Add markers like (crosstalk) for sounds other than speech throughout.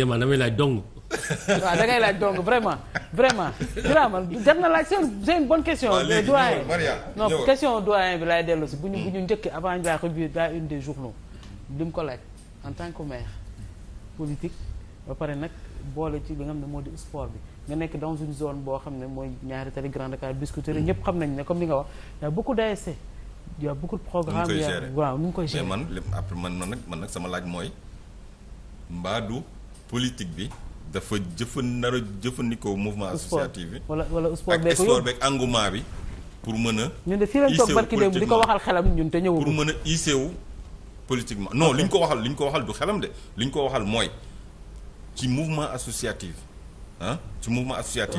Jéema damay laaj dong. waaw (laughs) ah, da ngay laaj dong vraiment vraiment. Birama jar na laaj c'est une bonne question. doyen non question doyen bi laay dellu bu ñu bu ñu njëkk avant ñu bi mu ko laaj en tant que maire politique ba pare ci li nga moo di bi. nga nekk dans une zone boo xam ne mooy ñaari tali Grand Dakar Biscuiterie ñëpp xam nañ ne comme li nga wax y'a beaucoup d'ASC y'a beaucoup de programme waaw nu ngi koy gérer mais man man nag man nag sama laaj mooy politique bi dafa jëfan nar jëfandikoo mouvement associatif bi wala wala sport ak sport beeg engouement bi pour mën a ñun de fii lañ toog barki dem di ko waxal xelam ñun te ñëwul pour mën a isewu politiquement non li ñu ko waxal li ko waxal du xelam de li ñu ko waxal mooy ci mouvement associative ah ci mouvement associatif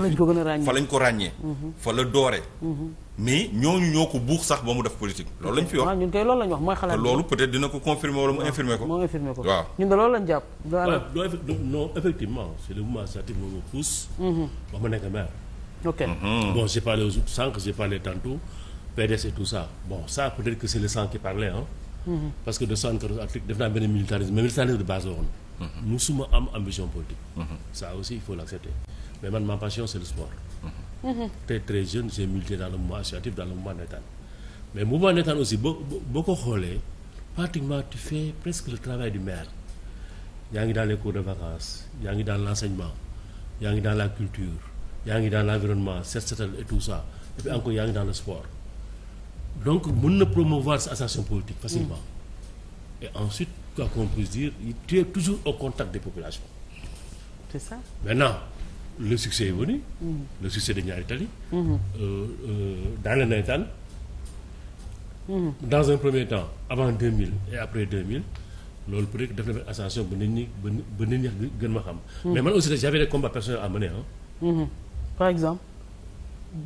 fa lañ ko ràññee mhm. fa la doore mhm. mais ñooñu ñoo ko buux sax ba mu def politique loolu lañ fi wax ah, ñun kay loolu lañ wax mooy xalaat loolu peut-être dina ko confirmer wala mu infirmer ko mu infirmer ko waaw ñun de loolu lañ jàpp non effectivement c'est le mouvement ma pousse mm-hmm. ba ma nekk maire mm-hmm. tout ça bon ça peut-être que le sang qui parlait mm-hmm. parce que de soixante-quatorze article def naa benn militarisme militarisme de base la musuma am ambition politique ça aussi il faut l'accepter mais man ma très très jeune j'ai milité dans le mouvement associatif dans le mouvement navétane mais mouvement navétane aussi boo boo ko xoolee pratiquement tu fais presque le travail du maire yaa ngi dans les cours de vacances yaa ngi daan l'enseignement yaa ngi dans la culture yaa ngi daan l'environnement set setal et tout ça et encore yaa ngi dans le sport donc mën na promouvoir sa association politique facilement mm. et ensuite quoi qu'on puisse dire tu es toujours au contact des le succès est venu. le succès de Niary Tally. Euh, euh, dans les navétanes. dans un premier temps avant 2000 et après mille loolu peut être def na benn ascension ba nit ñi ba nit ñi gën ma xam. mais man aussi j'avais des combats personnels à mener ah. par exemple.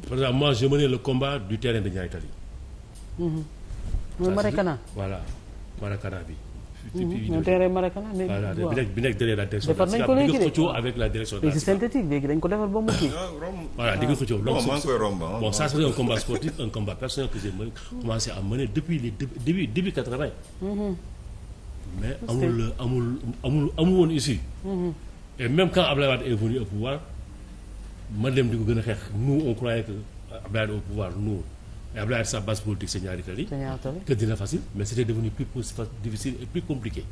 par exemple moi je menais combat du terrain de Niary Tally. muy Maracana voilà Maracana bi. mu terrain Maracana mais bi nekk derrière la direction defar nañ ko léegi dañ ko defar ba mu kii voilà di nga xëccoo donc bon ça serait un combat (laughs) sportif un combat personnel que j'ai commencé à mener depuis les début début 80 mmh. mais amul amul amul amul woon ici mmh. et même quand Abdoulaye Wade est venu au pouvoir ma dem di ko gën a xeex et Abdoulaye Wade sa base politique sa ñaari tali. sa ñaari que dina facile mais c'était devenu plus difficile plus compliqué.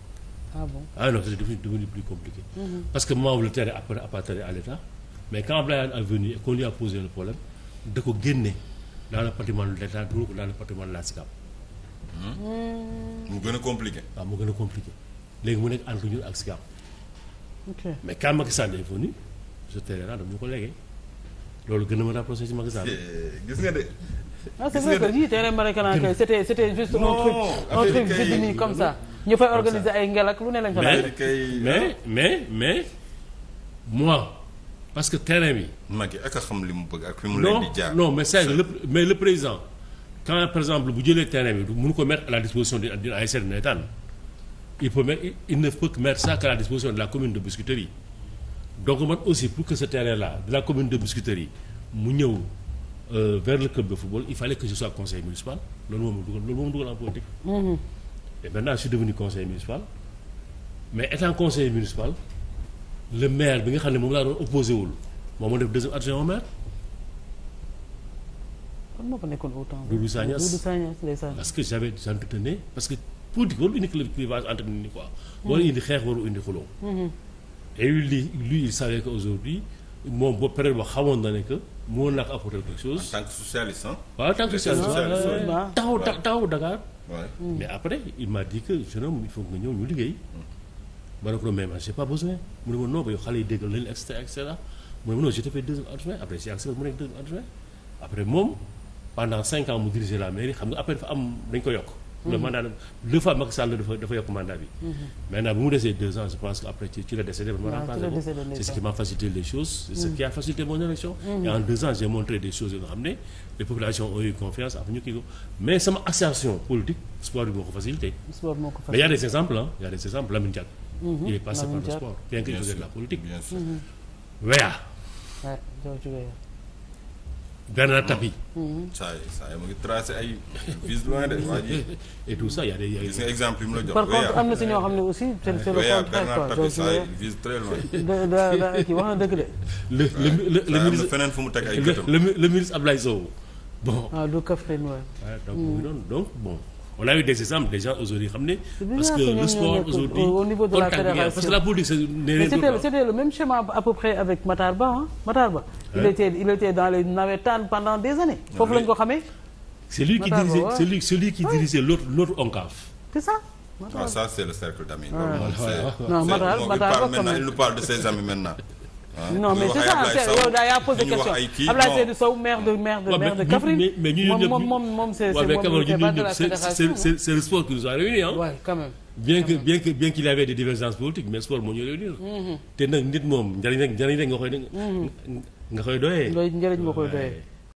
ah bon ah devenu plus compliqué. Mm-hmm. parce que moment wu la terre appartenait à l'État mais quand Abdoulaye Wade est venu et qu'on lui a posé le problème da ko génne dans le patrimoine de l'État dugal ko dans le patrimoine de la SICAP. Hmm. mu gën a compliqué. waaw ah, mu gën a compliqué léegi mu nekk entre ñun ak SICAP. ok mais quand Macky Sall est venu ce terrain là dama ko légué loolu gën a ma rapproché ci Macky Sall. Eh, gis nga de. non c'est vrai que oui terrain Marikana kay c'était c'était juste un truc un organiser ay ngelak lu ne lañ fa mais mais mais moi parce que terrain bi. Macky ak a xam li mu bëgg ak fi mu leen di jaar non non mais c'est le mais président quand par exemple bu jëlee terrain bi mënu ko mettre à la disposition de d'une ASC navétane il peut mettre il ne peut mettre ça la disposition de la commune de Biscuiterie donc man aussi pour que sa terrain là de la commune de Biscuiterie mu ñëw. euh, vers le club de football il fallait que je sois conseiller municipal loolu moom dugal loolu moom dugal en politique. Mhm. le maire bi nga xam ne moom laa doon wul moo def deuxième adjoint au maire. kon moo fa nekkoon au temps. Doudou Sagnas parce que j'avais j'entretenais parce que politique warul indi clivage entre nit ñi quoi. warul indi xeex warul indi xuloo. Mhm. et lui lui il savait que aujourd'hui moom boo période ba xamoon na ne que. moo nag apporté quelque chose. en tant que waaw en tant que taxaw taxaw Dakar. mais après il m'a dit que jeune homme il faut nga ñëw ñu liggéey. ma ne ko mais man j'ai pas besoin mu ne ma non ba yow xale yi déggal leen et cetera et cetera mu ne ma non j'étais fait deuxième adjoint après moom pendant cinq ans mu diriger la mairie xam nga après dafa am dañ ko yokk. le mandat deux fois Macky Sall dafa dafa yokk mandat bi. maintenant bu mu desee deux ans je après ci ci la décédé. waaw ci la décédé c' est ce mm. mm. deux ans j'ai montré xam ne les populations ont eu confiance ak ñu kii ko mais sama assertion politique sport bi moo ko facilité. mais y' des exemples ah y' a des exemples Lamine Diack. Mm-hmm. par le sport bien que il la politique. Mm-hmm. Weah. Bernard Tapie. saa yi saa mu ngi tracé ay vies loin de waa ji. (laughs) et tout ça y a des gis nga exemple yi mu la jox. par contre am na si ñoo xam ne aussi. seen seen euh, (laughs) le Bernard Tapie saa yi na feneen fu mu teg ay gëtam le le ministre Ablaye Sow bon. ah du Kaffrine waaw. Ah, donc mu bon. on a eu des exemples des gens aujourd'hui xam ne. parce que le sport aujourd'hui au niveau de la fédération c'est le même schéma à avec Matar il était dans les navétanes pendant des années. ko xamee. c'est lui qui dirigeait c'est lui celui qui dirigeait l'autre l'autre ONCAV. c'est ça. c'est le cercle d'amis. non Matar il nous parle de ses amis maintenant. non mais c'est ça yow daa yaa posé question Abdoulaye Seydou maire de maire de maire de moom moom moom c'est c'est le sport qui nous a réunis hein ouais quand même bien que bien que bien qu'il y avait des divergences politiques mais sport moo ñu réunir mm-hmm. te nag nit moom njëriñ rek njëriñ rek nga koy nga koy doyee mm-hmm. njëriñ nga koy doyee